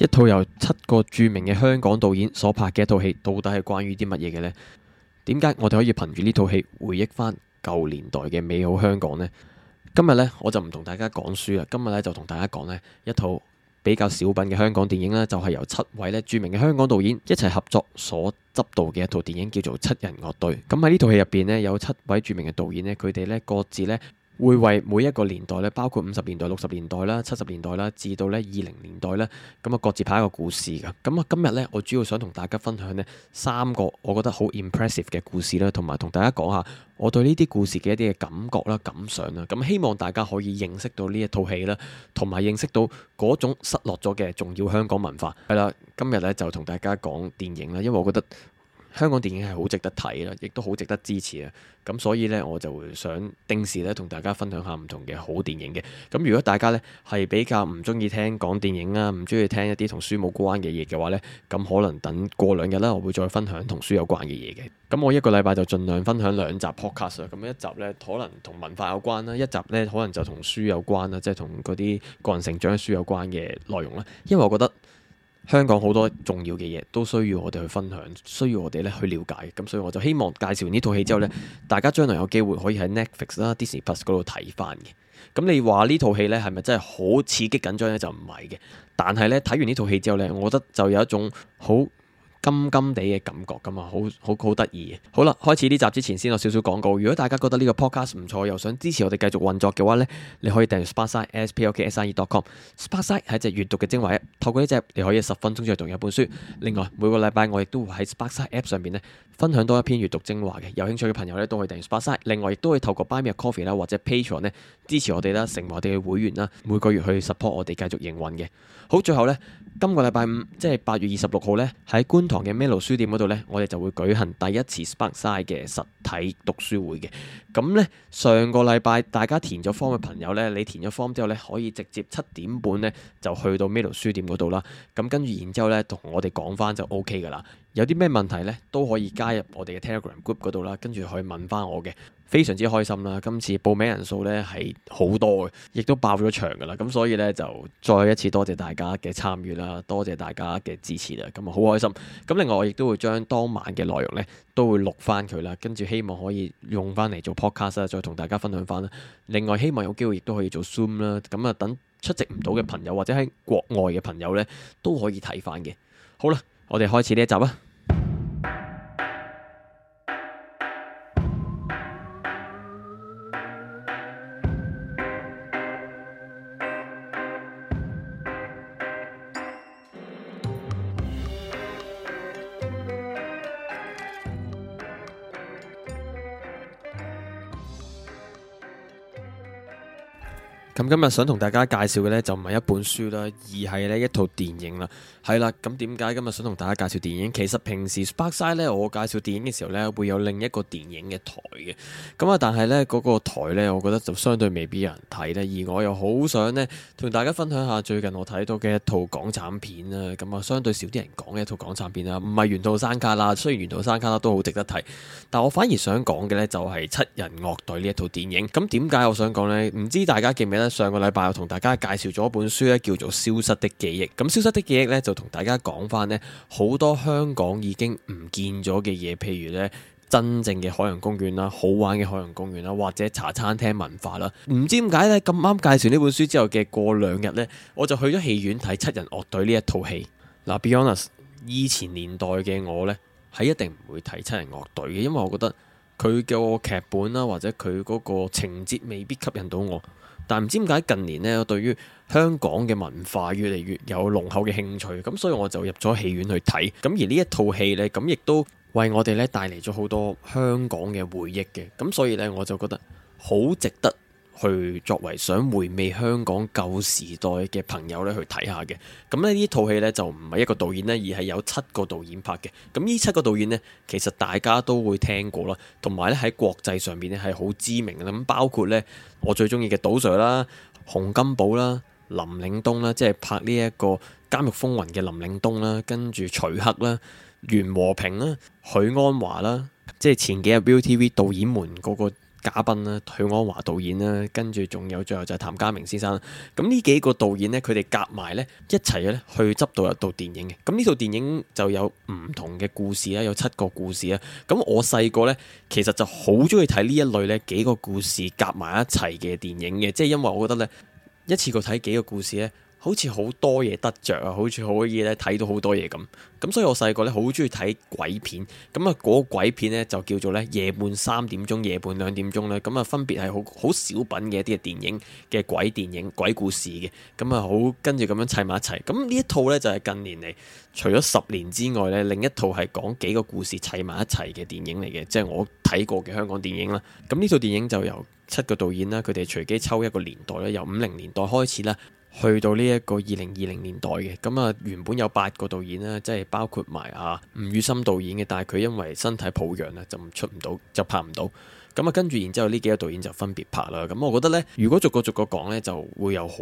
一套由七個著名嘅香港導演所拍嘅一套戲，到底係關於啲乜嘢嘅呢？點解我哋可以憑住呢套戲回憶翻舊年代嘅美好香港呢？今日呢，我就唔同大家講書啦，今日呢，就同大家講咧一套比較小品嘅香港電影呢，就係、是、由七位咧著名嘅香港導演一齊合作所執導嘅一套電影，叫做《七人樂隊》。咁、嗯、喺呢套戲入邊呢，有七位著名嘅導演呢，佢哋呢各自咧。會為每一個年代咧，包括五十年代、六十年代啦、七十年代啦，至到咧二零年代咧，咁啊，各自拍一個故事嘅。咁啊，今日咧，我主要想同大家分享咧三個我覺得好 impressive 嘅故事啦，同埋同大家講下我對呢啲故事嘅一啲嘅感覺啦、感想啦。咁希望大家可以認識到呢一套戲啦，同埋認識到嗰種失落咗嘅重要香港文化。係啦，今日咧就同大家講電影啦，因為我覺得。香港電影係好值得睇啦，亦都好值得支持啊！咁所以呢，我就會想定時呢同大家分享下唔同嘅好電影嘅。咁如果大家呢係比較唔中意聽講電影啊，唔中意聽一啲同書冇關嘅嘢嘅話呢，咁可能等過兩日啦，我會再分享同書有關嘅嘢嘅。咁我一個禮拜就盡量分享兩集 podcast 啦。咁一集呢，可能同文化有關啦，一集呢，可能就同書有關啦，即係同嗰啲個人成長嘅書有關嘅內容啦。因為我覺得。香港好多重要嘅嘢都需要我哋去分享，需要我哋咧去了解，咁所以我就希望介紹完呢套戲之後，咧，大家將來有機會可以喺 Netflix 啦、Disney Plus 嗰度睇翻嘅。咁你話呢套戲咧係咪真係好刺激緊張咧？就唔係嘅，但係咧睇完呢套戲之後咧，我覺得就有一種好。金金地嘅感覺咁啊，好好好得意。好啦，開始呢集之前先有少少廣告。如果大家覺得呢個 podcast 唔錯，又想支持我哋繼續運作嘅話呢，你可以訂閱 sparkside.splk.si.com。sparkside sp 係一隻閲讀嘅精華，透過呢隻你可以十分鐘就讀一本書。另外每個禮拜我亦都會喺 sparkside app 上面呢分享多一篇閲讀精華嘅。有興趣嘅朋友呢都可以訂閱 sparkside 另外亦都可以透過 buy me coffee 啦或者 Patreon 呢支持我哋啦，成為我哋嘅會員啦，每個月去 support 我哋繼續營運嘅。好，最後呢，今個禮拜五即係八月二十六號呢，喺觀。堂嘅 Melo 書店嗰度咧，我哋就會舉行第一次 Sparkside 嘅實體讀書會嘅。咁咧，上個禮拜大家填咗 form 嘅朋友咧，你填咗 form 之後咧，可以直接七點半咧就去到 Melo 書店嗰度啦。咁跟住然之後咧，同我哋講翻就 OK 噶啦。有啲咩問題呢，都可以加入我哋嘅 Telegram Group 嗰度啦，跟住可以問翻我嘅。非常之開心啦！今次報名人數呢係好多嘅，亦都爆咗場噶啦，咁所以呢，就再一次多謝大家嘅參與啦，多謝大家嘅支持啦，咁啊好開心！咁另外我亦都會將當晚嘅內容呢都會錄翻佢啦，跟住希望可以用翻嚟做 Podcast 啊，再同大家分享翻啦。另外希望有機會亦都可以做 Zoom 啦，咁啊等出席唔到嘅朋友或者喺國外嘅朋友呢，都可以睇翻嘅。好啦。我哋開始呢一集啊！咁今日想同大家介紹嘅呢，就唔係一本書啦，而係呢一套電影啦。係啦，咁點解今日想同大家介紹電影？其實平時 Sparkside 呢，我介紹電影嘅時候呢，會有另一個電影嘅台嘅。咁啊，但係呢嗰個台呢，我覺得就相對未必有人睇咧。而我又好想呢，同大家分享下最近我睇到嘅一套港產片啦。咁啊，相對少啲人講嘅一套港產片啦，唔係《緣路山旮旯》。雖然《緣路山旮旯》都好值得睇，但我反而想講嘅呢，就係《七人樂隊》呢一套電影。咁點解我想講呢？唔知大家記唔記得？上個禮拜我同大家介紹咗一本書咧，叫做《消失的記憶》。咁《消失的記憶》咧就同大家講翻呢好多香港已經唔見咗嘅嘢，譬如呢，真正嘅海洋公園啦，好玩嘅海洋公園啦，或者茶餐廳文化啦。唔知點解呢，咁啱介紹呢本書之後嘅過兩日呢，我就去咗戲院睇《七人樂隊》呢一套戲。嗱，Be honest，以前年代嘅我呢，係一定唔會睇《七人樂隊》嘅，因為我覺得佢嘅劇本啦，或者佢嗰個情節未必吸引到我。但唔知點解近年咧，我對於香港嘅文化越嚟越有濃厚嘅興趣，咁所以我就入咗戲院去睇，咁而呢一套戲呢，咁亦都為我哋咧帶嚟咗好多香港嘅回憶嘅，咁所以呢，我就覺得好值得。去作為想回味香港舊時代嘅朋友咧，去睇下嘅。咁咧呢套戲咧就唔係一個導演咧，而係有七個導演拍嘅。咁呢七個導演咧，其實大家都會聽過啦，同埋咧喺國際上面咧係好知名嘅。咁包括咧我最中意嘅杜 Sir 啦、洪金寶啦、林嶺東啦，即係拍呢一個監獄風雲嘅林嶺東啦，跟住徐克啦、袁和平啦、許鞍華啦，即係前幾日 ViuTV 導演們嗰、那個。嘉賓啦，許鞍華導演啦，跟住仲有最後就係譚家明先生啦。咁呢幾個導演呢，佢哋夾埋呢一齊呢去執導一部電影嘅。咁呢套電影就有唔同嘅故事啦，有七個故事啊。咁我細個呢，其實就好中意睇呢一類呢幾個故事夾埋一齊嘅電影嘅，即係因為我覺得呢，一次過睇幾個故事呢。好似好多嘢得着啊！好似可以咧睇到好多嘢咁。咁所以我細個咧好中意睇鬼片。咁啊，嗰鬼片咧就叫做咧夜半三點鐘、夜半兩點鐘咧。咁啊，分別係好好小品嘅一啲嘅電影嘅鬼電影、鬼故事嘅。咁啊，好跟住咁樣砌埋一齊。咁呢一套咧就係近年嚟除咗十年之外咧，另一套係講幾個故事砌埋一齊嘅電影嚟嘅，即係我睇過嘅香港電影啦。咁呢套電影就由七個導演啦，佢哋隨機抽一個年代啦，由五零年代開始啦。去到呢一個二零二零年代嘅，咁啊原本有八個導演啦，即係包括埋啊吳宇森導演嘅，但係佢因為身體抱恙啊，就出唔到，就拍唔到。咁啊跟住，然之後呢幾個導演就分別拍啦。咁我覺得呢，如果逐個逐個講呢，就會有好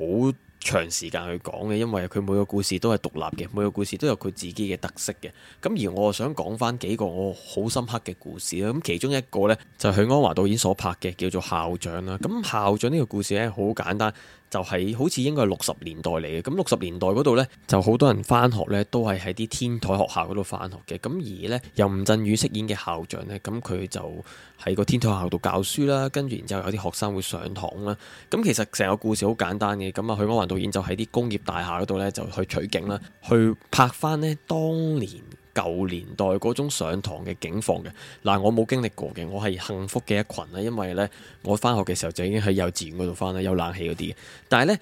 長時間去講嘅，因為佢每個故事都係獨立嘅，每個故事都有佢自己嘅特色嘅。咁而我想講翻幾個我好深刻嘅故事啦。咁其中一個呢，就係許鞍華導演所拍嘅，叫做校長啦。咁校長呢個故事呢，好簡單。就係好似應該係六十年代嚟嘅，咁六十年代嗰度呢，就好多人翻學呢都係喺啲天台學校嗰度翻學嘅。咁而呢，由吳鎮宇飾演嘅校長呢，咁佢就喺個天台學校度教書啦。跟住然之後有啲學生會上堂啦。咁其實成個故事好簡單嘅。咁啊，許鞍華導演就喺啲工業大廈嗰度呢，就去取景啦，去拍翻呢當年，舊年代嗰種上堂嘅境況嘅，嗱，我冇經歷過嘅，我係幸福嘅一群啦，因為咧我翻學嘅時候就已經喺幼稚園嗰度翻啦，有冷氣嗰啲，但係咧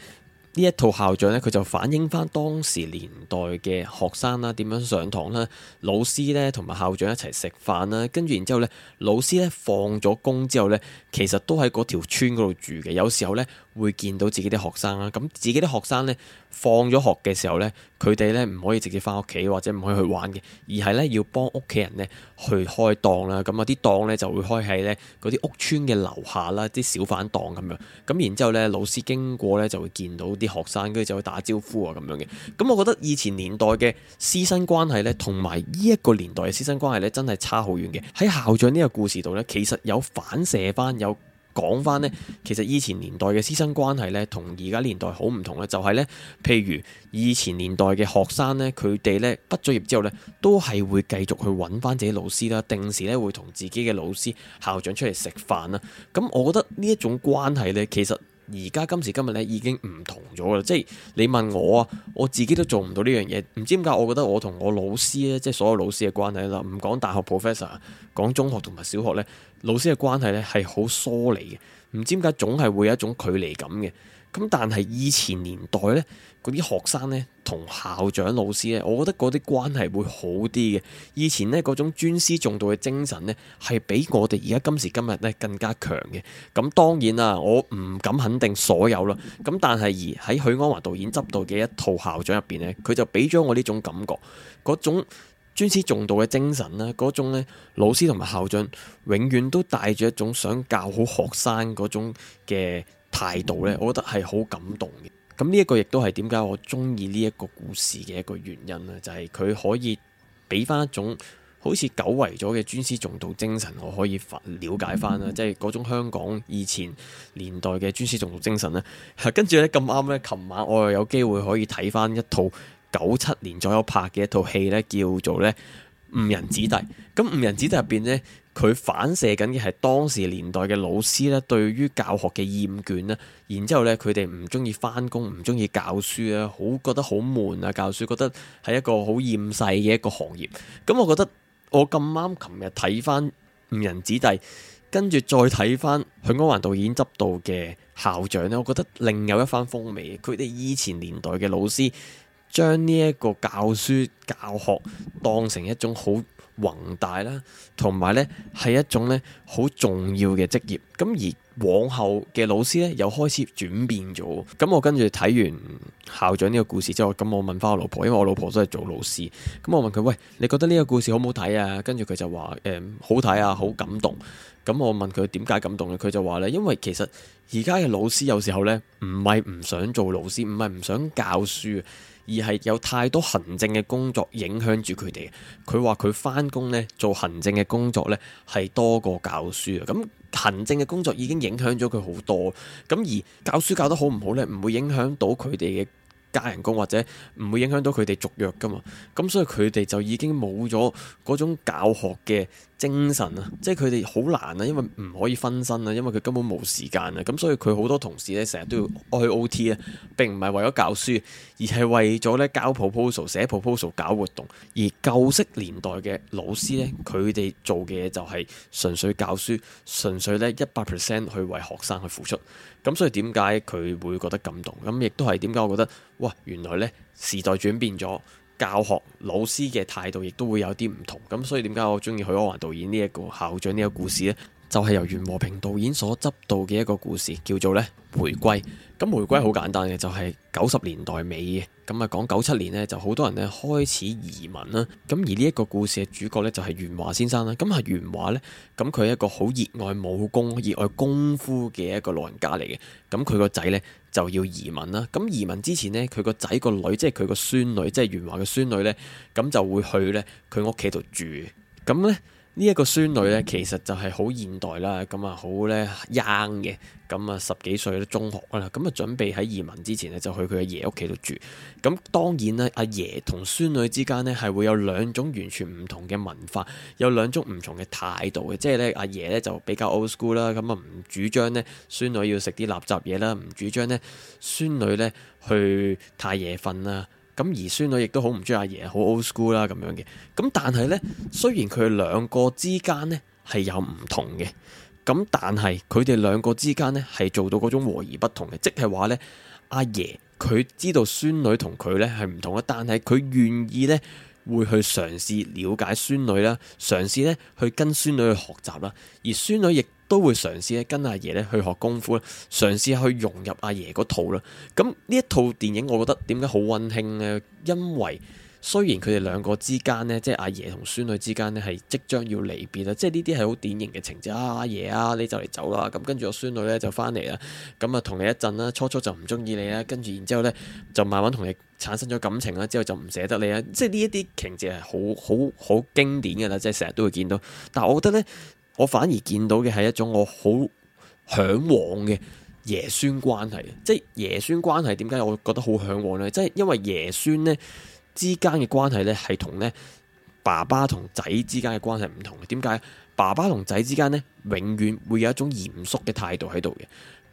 呢一套校長咧，佢就反映翻當時年代嘅學生啦，點樣上堂啦，老師咧同埋校長一齊食飯啦，跟住然之後咧老師咧放咗工之後咧，其實都喺嗰條村嗰度住嘅，有時候咧。會見到自己啲學生啦，咁自己啲學生呢，放咗學嘅時候呢，佢哋呢唔可以直接翻屋企或者唔可以去玩嘅，而係呢要幫屋企人呢去開檔啦。咁啊啲檔呢就會開喺呢嗰啲屋村嘅樓下啦，啲小販檔咁樣。咁然之後呢，老師經過呢就會見到啲學生，跟住就會打招呼啊咁樣嘅。咁我覺得以前年代嘅師生關係呢，同埋呢一個年代嘅師生關係呢，真係差好遠嘅。喺校長呢個故事度呢，其實有反射翻有。講翻呢，其實以前年代嘅師生關係呢，同而家年代好唔同咧，就係呢，譬如以前年代嘅學生呢，佢哋呢畢咗業之後呢，都係會繼續去揾翻自己老師啦，定時呢會同自己嘅老師校長出嚟食飯啦。咁，嗯，我覺得呢一種關係咧，其實。而家今時今日咧已經唔同咗啦，即係你問我啊，我自己都做唔到呢樣嘢，唔知點解我覺得我同我老師咧，即係所有老師嘅關係啦，唔講大學 professor，講中學同埋小學咧，老師嘅關係咧係好疏離嘅，唔知點解總係會有一種距離感嘅。咁但係以前年代咧，嗰啲學生咧同校長老師咧，我覺得嗰啲關係會好啲嘅。以前咧嗰種尊師重道嘅精神咧，係比我哋而家今時今日咧更加強嘅。咁、嗯、當然啦，我唔敢肯定所有啦。咁、嗯、但係而喺許鞍華導演執導嘅一套校長入邊咧，佢就俾咗我呢種感覺，嗰種尊師重道嘅精神啦，嗰種咧老師同埋校長永遠都帶住一種想教好學生嗰種嘅態度咧，我覺得係好感動嘅。咁呢一個亦都係點解我中意呢一個故事嘅一個原因啦、啊，就係、是、佢可以俾翻一種好似久違咗嘅尊師重道精神，我可以發瞭解翻啦，即係嗰種香港以前年代嘅尊師重道精神咧、啊。跟住咧咁啱咧，琴晚我又有機會可以睇翻一套九七年左右拍嘅一套戲咧，叫做咧《誤人子弟》。咁《誤人子弟》入邊咧。佢反射緊嘅係當時年代嘅老師咧，對於教學嘅厭倦咧，然之後咧佢哋唔中意翻工，唔中意教書咧，好覺得好悶啊！教書覺得係一個好厭世嘅一個行業。咁，嗯，我覺得我咁啱，琴日睇翻《誤人子弟》，跟住再睇翻許鞍華導演執導嘅校長咧，我覺得另有一番風味。佢哋以前年代嘅老師，將呢一個教書教學當成一種好宏大啦，同埋呢係一種呢好重要嘅職業。咁而往後嘅老師呢，又開始轉變咗。咁我跟住睇完校長呢個故事之後，咁我問返我老婆，因為我老婆都係做老師。咁我問佢：喂，你覺得呢個故事好唔好睇啊？跟住佢就話：誒、嗯、好睇啊，好感動。咁我問佢點解感動呢？佢就話呢因為其實而家嘅老師有時候呢唔係唔想做老師，唔係唔想教書。而係有太多行政嘅工作影響住佢哋。佢話佢返工咧，做行政嘅工作咧，係多過教書嘅。咁行政嘅工作已經影響咗佢好多。咁而教書教得好唔好咧，唔會影響到佢哋嘅。加人工或者唔會影響到佢哋續約噶嘛？咁所以佢哋就已經冇咗嗰種教學嘅精神啊！即係佢哋好難啊，因為唔可以分身啊，因為佢根本冇時間啊。咁所以佢好多同事咧，成日都要去 OT 啊。並唔係為咗教書，而係為咗咧交 proposal、寫 proposal、搞活動，而舊式年代嘅老師咧，佢哋做嘅嘢就係純粹教書，純粹咧一百 percent 去為學生去付出。咁所以點解佢會覺得感動，咁亦都係點解我覺得？哦、原來呢時代轉變咗，教學老師嘅態度亦都會有啲唔同，咁所以點解我中意許鞍華導演呢一個校長呢個故事呢？就係由袁和平導演所執導嘅一個故事，叫做咧《回歸》。咁《回歸》好簡單嘅，就係九十年代尾嘅。咁啊，講九七年呢，就好多人咧開始移民啦。咁而呢一個故事嘅主角咧，就係袁華先生啦。咁係，袁華咧，咁佢係一個好熱愛武功、熱愛功夫嘅一個老人家嚟嘅。咁佢個仔咧就要移民啦。咁移民之前呢，佢個仔個女，即係佢個孫女，即係袁華嘅孫女咧，咁就會去咧佢屋企度住。咁咧。呢一個孫女咧，其實就係好現代啦，咁啊好咧 young 嘅，咁啊十幾歲都中學啦，咁啊準備喺移民之前咧，就去佢阿爺屋企度住。咁當然咧，阿爺同孫女之間咧，係會有兩種完全唔同嘅文化，有兩種唔同嘅態度嘅。即係咧，阿爺咧就比較 old school 啦，咁啊唔主張咧孫女要食啲垃圾嘢啦，唔主張咧孫女咧去太夜瞓啦。咁而孫女亦都好唔中意阿爺，好 old school 啦咁樣嘅。咁但係呢，雖然佢兩個之間呢係有唔同嘅，咁但係佢哋兩個之間呢係做到嗰種和而不同嘅，即係話呢，阿爺佢知道孫女同佢呢係唔同嘅，但係佢願意呢會去嘗試了解孫女啦，嘗試呢去跟孫女去學習啦。而孫女亦～都會嘗試咧跟阿爺咧去學功夫啦，嘗試去融入阿爺嗰套啦。咁呢一套電影，我覺得點解好溫馨呢？因為雖然佢哋兩個之間呢，即係阿爺同孫女之間呢，係即將要離別啦。即係呢啲係好典型嘅情節啊！阿爺啊，你就嚟走啦。咁跟住我孫女呢，就翻嚟啦。咁啊，同你一陣啦，初初就唔中意你啦，跟住然之後咧就慢慢同你產生咗感情啦，之後就唔捨得你啊。即係呢一啲情節係好好好經典噶啦，即係成日都會見到。但係我覺得呢。我反而見到嘅係一種我好嚮往嘅爺孫關係，即係爺孫關係點解我覺得好嚮往呢？即係因為爺孫呢之間嘅關係呢，係同呢爸爸同仔之間嘅關係唔同嘅。點解？爸爸同仔之間呢，永遠會有一種嚴肅嘅態度喺度嘅，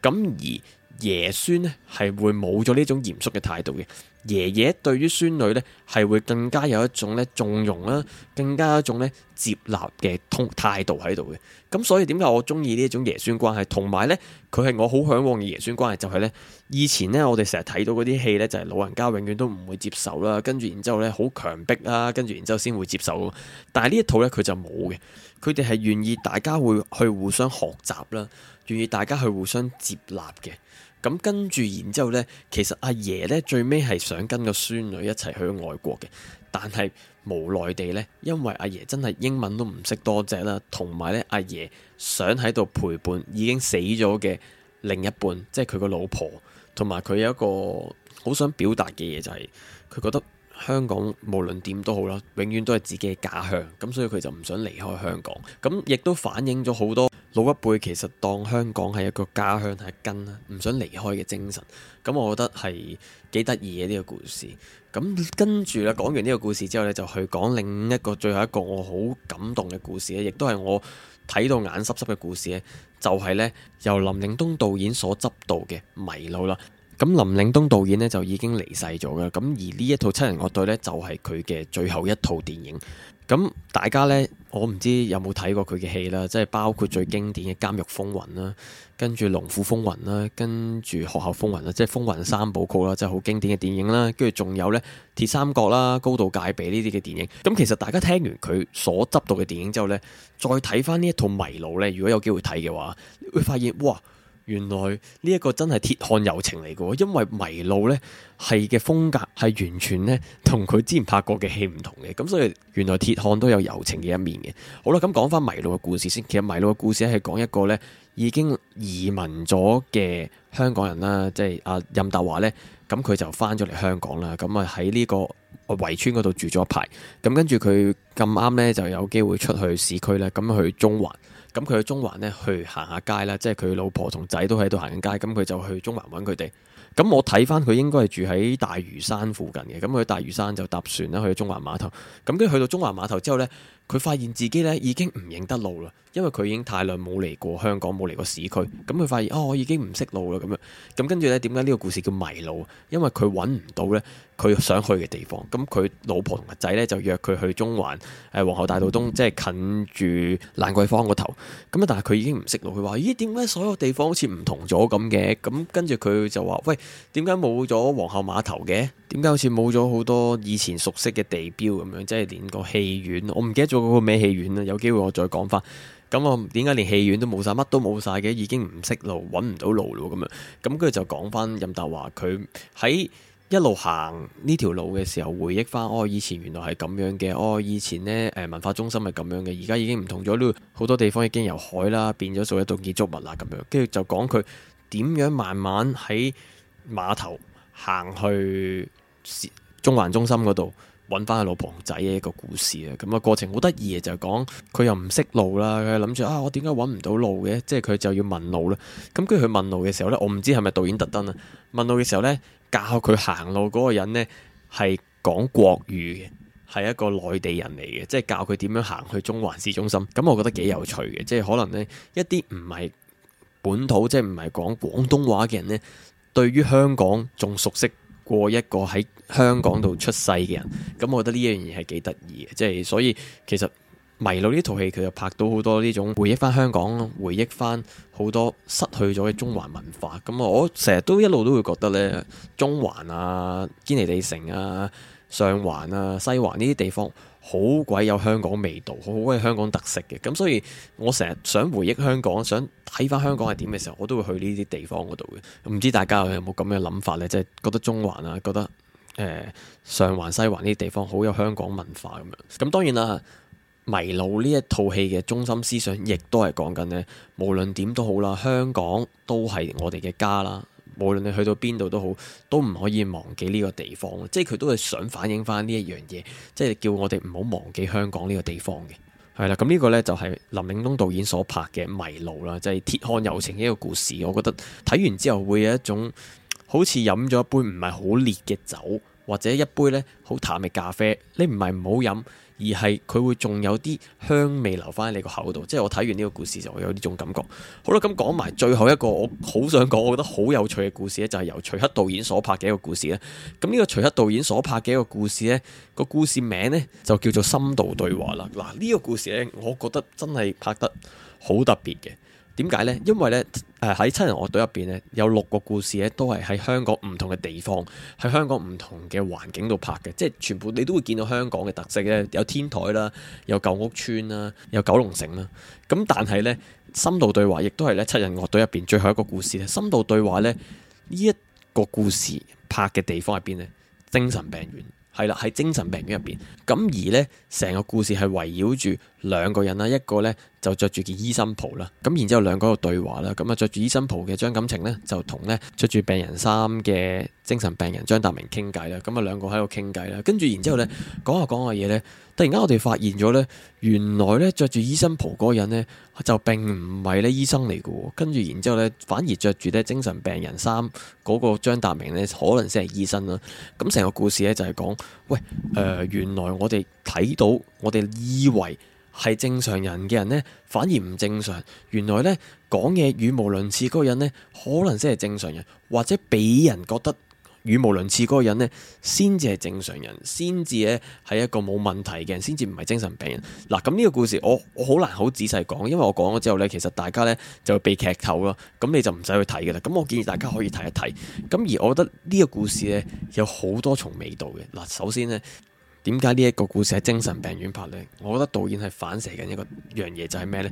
咁而，爺孫呢係會冇咗呢種嚴肅嘅態度嘅，爺爺對於孫女呢係會更加有一種呢縱容啦、啊，更加一種呢接納嘅通態度喺度嘅。咁所以點解我中意呢一種爺孫關係？同埋呢，佢係我好嚮往嘅爺孫關係，就係呢，以前呢，我哋成日睇到嗰啲戲呢，就係、是、老人家永遠都唔會接受啦、啊，跟住然之後呢好強迫啦、啊，跟住然之後先會接受。但係呢一套呢，佢就冇嘅，佢哋係願意大家會去互相學習啦、啊，願意大家去互相接納嘅。咁跟住，然之後呢，其實阿爺呢最尾係想跟個孫女一齊去外國嘅，但係無奈地呢，因為阿爺真係英文都唔識多隻啦，同埋呢，阿爺想喺度陪伴已經死咗嘅另一半，即係佢個老婆，同埋佢有一個好想表達嘅嘢，就係佢覺得香港無論點都好啦，永遠都係自己嘅家鄉，咁所以佢就唔想離開香港，咁亦都反映咗好多。老一輩其實當香港係一個家鄉係根啦，唔想離開嘅精神，咁我覺得係幾得意嘅呢個故事。咁跟住咧，講完呢個故事之後咧，就去講另一個最後一個我好感動嘅故事咧，亦都係我睇到眼濕濕嘅故事咧，就係、是、咧由林寧東導演所執導嘅《迷路》啦。咁林嶺東導演呢，就已經離世咗啦，咁而呢一套七人樂隊呢，就係佢嘅最後一套電影。咁大家呢，我唔知有冇睇過佢嘅戲啦，即係包括最經典嘅《監獄風雲》啦，跟住《龍虎風雲》啦，跟住《學校風雲》啦，即係《風雲三部曲》啦，即係好經典嘅電影啦，跟住仲有呢《鐵三角》啦，《高度戒備》呢啲嘅電影。咁其實大家聽完佢所執到嘅電影之後呢，再睇翻呢一套《迷路》呢，如果有機會睇嘅話，會發現哇！原來呢一個真係鐵漢柔情嚟嘅，因為迷路呢，係嘅風格係完全呢同佢之前拍過嘅戲唔同嘅，咁所以原來鐵漢都有柔情嘅一面嘅。好啦，咁、嗯、講翻迷路嘅故事先。其實迷路嘅故事係講一個呢已經移民咗嘅香港人啦，即係、啊、阿任達華呢。咁佢就翻咗嚟香港啦，咁啊喺呢個圍村嗰度住咗一排，咁跟住佢咁啱呢，就有機會出去市區啦，咁去中環，咁佢去中環呢，去行下街啦，即係佢老婆同仔都喺度行緊街，咁佢就去中環揾佢哋。咁我睇翻佢應該係住喺大嶼山附近嘅，咁佢喺大嶼山就搭船啦去中環碼頭，咁跟住去到中環碼頭之後呢，佢發現自己呢已經唔認得路啦，因為佢已經太耐冇嚟過香港，冇嚟過市區，咁佢發現，哦，我已經唔識路啦咁啊，咁跟住呢，點解呢個故事叫迷路？因為佢揾唔到呢，佢想去嘅地方。咁佢老婆同個仔呢，就約佢去中環誒、呃、皇后大道東，即係近住蘭桂坊個頭咁啊。但係佢已經唔識路，佢話咦，點解所有地方好似唔同咗咁嘅？咁跟住佢就話喂，點解冇咗皇后碼頭嘅？點解好似冇咗好多以前熟悉嘅地標咁樣？即係連個戲院，我唔記得咗嗰個咩戲院啦。有機會我再講翻。咁我點解連戲院都冇晒，乜都冇晒嘅，已經唔識路，揾唔到路咯咁啊！咁跟住就講翻任達華，佢喺一路行呢條路嘅時候，回憶翻，哦，以前原來係咁樣嘅，哦，以前呢，誒、呃、文化中心係咁樣嘅，而家已經唔同咗咯，好多地方已經由海啦變咗做一道建築物啦咁樣，跟住就講佢點樣慢慢喺碼頭行去中環中心嗰度。揾翻佢老婆仔嘅一個故事啊！咁啊過程好得意嘅，就係講佢又唔識路啦，佢諗住啊，我點解揾唔到路嘅？即係佢就要問路啦。咁跟住佢問路嘅時候呢，我唔知係咪導演特登啊？問路嘅時候呢，教佢行路嗰個人呢係講國語嘅，係一個內地人嚟嘅，即係教佢點樣行去中環市中心。咁我覺得幾有趣嘅，即係可能呢，一啲唔係本土，即係唔係講廣東話嘅人呢，對於香港仲熟悉過一個喺香港度出世嘅人，咁我覺得呢一樣嘢係幾得意嘅，即係所以其實《迷路》呢套戲佢就拍到好多呢種回憶翻香港，回憶翻好多失去咗嘅中環文化。咁我成日都一路都會覺得呢，中環啊、堅尼地城啊。上環啊、西環呢啲地方好鬼有香港味道，好鬼香港特色嘅，咁所以我成日想回憶香港，想睇翻香港係點嘅時候，我都會去呢啲地方嗰度嘅。唔知大家有冇咁嘅諗法呢？即係覺得中環啊、覺得誒上環、西環呢啲地方好有香港文化咁樣。咁當然啦，《迷路》呢一套戲嘅中心思想，亦都係講緊呢：無論點都好啦，香港都係我哋嘅家啦。無論你去到邊度都好，都唔可以忘記呢個地方，即係佢都係想反映返呢一樣嘢，即係叫我哋唔好忘記香港呢個地方嘅。係啦，咁呢個呢就係、是、林嶺東導演所拍嘅《迷路》啦，就係《鐵漢柔情》呢個故事。我覺得睇完之後會有一種好似飲咗一杯唔係好烈嘅酒，或者一杯呢好淡嘅咖啡，你唔係唔好飲，而係佢會仲有啲香味留翻喺你個口度，即係我睇完呢個故事就會有呢種感覺。好啦，咁講埋最後一個我好想講，我覺得好有趣嘅故事咧，就係、是、由徐克導演所拍嘅一個故事咧。咁呢個徐克導演所拍嘅一個故事咧，個故事名咧就叫做《深度對話》啦。嗱，呢、這個故事咧，我覺得真係拍得好特別嘅。點解咧？因為咧。喺《七人樂隊》入邊咧，有六個故事咧，都係喺香港唔同嘅地方，喺香港唔同嘅環境度拍嘅，即係全部你都會見到香港嘅特色咧，有天台啦，有舊屋邨啦，有九龍城啦。咁但係咧，《深度對話》亦都係咧《七人樂隊》入邊最後一個故事咧，《深度對話》呢咧呢一個故事拍嘅地方喺邊咧？精神病院係啦，喺精神病院入邊。咁而咧，成個故事係圍繞住。兩個人啦，一個咧就着住件醫生袍啦，咁然之後兩個喺度對話啦，咁啊着住醫生袍嘅張錦程呢，就同咧着住病人衫嘅精神病人張達明傾偈啦，咁啊兩個喺度傾偈啦，跟住然之後咧講下講下嘢咧，突然間我哋發現咗咧，原來咧着住醫生袍嗰個人咧就並唔係咧醫生嚟嘅，跟住然之後咧反而着住咧精神病人衫嗰個張達明咧可能先係醫生啊，咁成個故事咧就係、是、講，喂，誒、呃，原來我哋睇到我哋以為。係正常人嘅人呢，反而唔正常。原來呢，講嘢語無倫次嗰個人呢，可能先係正常人，或者俾人覺得語無倫次嗰個人呢，先至係正常人，先至咧係一個冇問題嘅人，先至唔係精神病人。嗱，咁呢個故事我我好難好仔細講，因為我講咗之後呢，其實大家呢就會被劇透咯。咁你就唔使去睇嘅啦。咁我建議大家可以睇一睇。咁而我覺得呢個故事呢，有好多重味道嘅。嗱，首先呢。點解呢一個故事喺精神病院拍呢？我覺得導演係反射緊一個樣嘢，就係咩呢？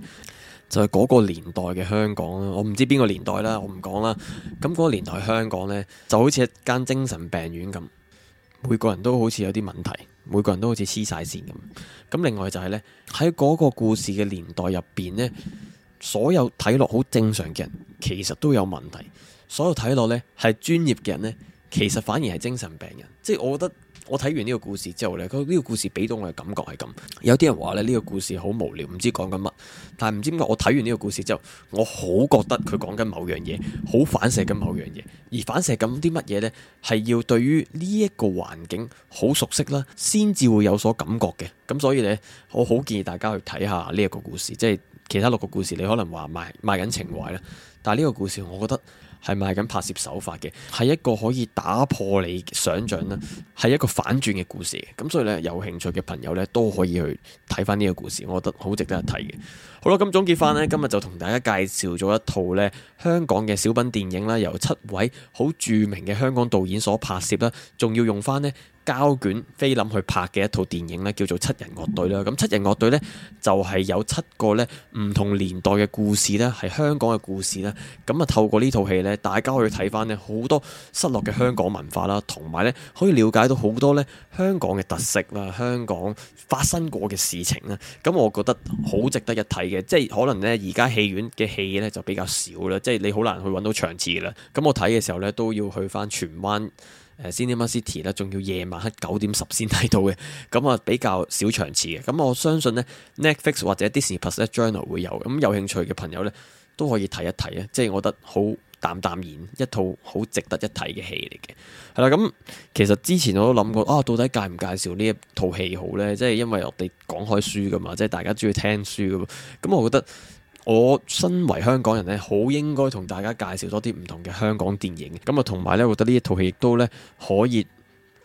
就係嗰個年代嘅香港啦。我唔知邊個年代啦，我唔講啦。咁嗰個年代香港呢，就好似一間精神病院咁，每個人都好似有啲問題，每個人都好似黐晒線咁。咁另外就係呢，喺嗰個故事嘅年代入邊呢，所有睇落好正常嘅人，其實都有問題。所有睇落呢係專業嘅人呢，其實反而係精神病人。即係我覺得。我睇完呢個故事之後咧，佢、這、呢個故事俾到我嘅感覺係咁。有啲人話咧呢、這個故事好無聊，唔知講緊乜。但係唔知點解我睇完呢個故事之後，我好覺得佢講緊某樣嘢，好反射緊某樣嘢。而反射緊啲乜嘢呢？係要對於呢一個環境好熟悉啦，先至會有所感覺嘅。咁所以呢，我好建議大家去睇下呢一個故事，即係其他六個故事，你可能話賣賣緊情懷啦。但係呢個故事，我覺得。係賣緊拍攝手法嘅，係一個可以打破你想像啦，係一個反轉嘅故事。咁所以咧，有興趣嘅朋友咧都可以去睇翻呢個故事，我覺得好值得一睇嘅。好啦，咁總結翻呢，今日就同大家介紹咗一套呢香港嘅小品電影啦，由七位好著名嘅香港導演所拍攝啦，仲要用翻呢膠卷菲林去拍嘅一套電影呢，叫做《七人樂隊》啦。咁《七人樂隊》呢，就係有七個呢唔同年代嘅故事呢，係香港嘅故事呢。咁啊，透過呢套戲呢，大家可以睇翻呢好多失落嘅香港文化啦，同埋呢可以了解到好多呢香港嘅特色啦、香港發生過嘅事情啦。咁我覺得好值得一睇。即係可能咧，而家戲院嘅戲咧就比較少啦，即係你好難去揾到場次啦。咁我睇嘅時候咧都要去翻荃灣誒、呃、Cinema City 咧，仲要夜晚黑九點十先睇到嘅，咁啊比較少場次嘅。咁我相信呢 Netflix 或者 Disney Plus 將來會有，咁有興趣嘅朋友呢，都可以睇一睇。啊。即係我覺得好。淡淡然一套好值得一睇嘅戲嚟嘅，係啦。咁其實之前我都諗過啊，到底介唔介紹呢一套戲好呢？即係因為我哋講開書噶嘛，即係大家中意聽書噶嘛。咁我覺得我身為香港人咧，好應該同大家介紹多啲唔同嘅香港電影。咁啊，同埋咧，我覺得呢一套戲亦都咧可以。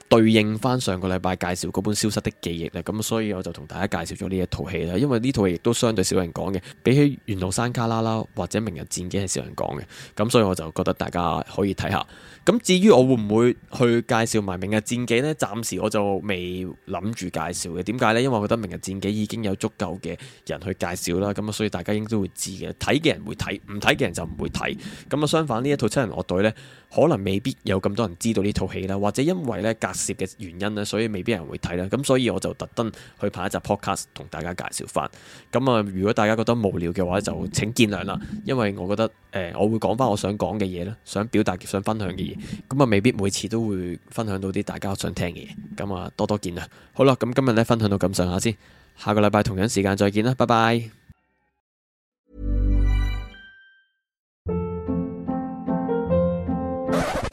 對應翻上個禮拜介紹嗰本《消失的記憶》啊，咁所以我就同大家介紹咗呢一套戲啦。因為呢套戲亦都相對少人講嘅，比起《緣路山旮旯》啦，或者《明日戰記》係少人講嘅，咁所以我就覺得大家可以睇下。咁至於我會唔會去介紹埋《明日戰記》呢？暫時我就未諗住介紹嘅。點解呢？因為我覺得《明日戰記》已經有足夠嘅人去介紹啦。咁啊，所以大家應該都會知嘅。睇嘅人會睇，唔睇嘅人就唔會睇。咁啊，相反呢一套七人樂隊呢，可能未必有咁多人知道呢套戲啦。或者因為呢，攝嘅原因咧，所以未必人會睇啦。咁所以我就特登去拍一集 podcast 同大家介紹翻。咁啊，如果大家覺得無聊嘅話，就請見諒啦。因為我覺得誒、呃，我會講翻我想講嘅嘢咧，想表達，想分享嘅嘢。咁啊，未必每次都會分享到啲大家想聽嘅嘢。咁啊，多多見啦。好啦，咁今日咧分享到咁上下先，下個禮拜同樣時間再見啦，拜拜。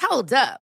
Hold up。